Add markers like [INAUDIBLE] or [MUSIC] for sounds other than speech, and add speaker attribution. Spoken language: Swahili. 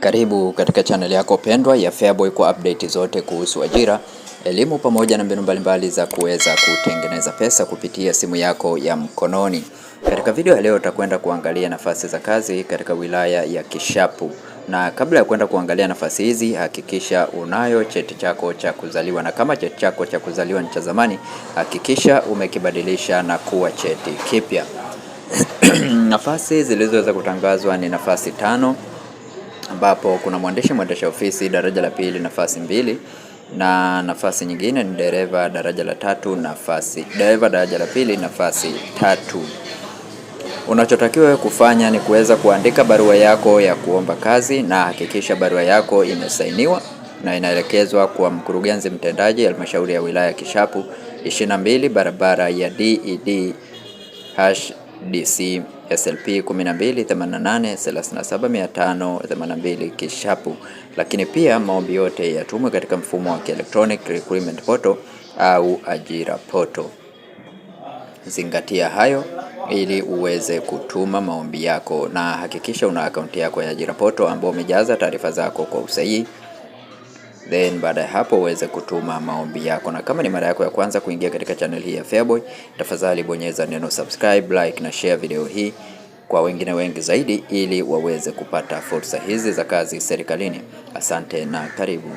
Speaker 1: Karibu katika channel yako pendwa ya Feaboy kwa update zote kuhusu ajira, elimu pamoja na mbinu mbalimbali za kuweza kutengeneza pesa kupitia simu yako ya mkononi. Katika video ya leo utakwenda kuangalia nafasi za kazi katika wilaya ya Kishapu. Na kabla ya kwenda kuangalia nafasi hizi, hakikisha unayo cheti chako cha kuzaliwa, na kama cheti chako cha kuzaliwa ni cha zamani, hakikisha umekibadilisha na kuwa cheti kipya. [CLEARS THROAT] Nafasi zilizoweza kutangazwa ni nafasi tano ambapo kuna mwandishi mwendesha ofisi daraja la pili nafasi mbili na nafasi nyingine ni dereva daraja la tatu nafasi dereva daraja la pili nafasi tatu. Unachotakiwa kufanya ni kuweza kuandika barua yako ya kuomba kazi, na hakikisha barua yako imesainiwa na inaelekezwa kwa mkurugenzi mtendaji halmashauri ya wilaya Kishapu 22 barabara ya DED e DC SLP 12883752 kishapu. Lakini pia maombi yote yatumwe katika mfumo wa electronic recruitment portal au ajira portal. Zingatia hayo ili uweze kutuma maombi yako, na hakikisha una akaunti yako ya ajira portal ambayo umejaza taarifa zako kwa usahihi then baada ya hapo uweze kutuma maombi yako, na kama ni mara yako ya kwanza kuingia katika channel hii ya Feaboy, tafadhali bonyeza neno subscribe, like na share video hii kwa wengine wengi zaidi, ili waweze kupata fursa hizi za kazi serikalini. Asante na karibu.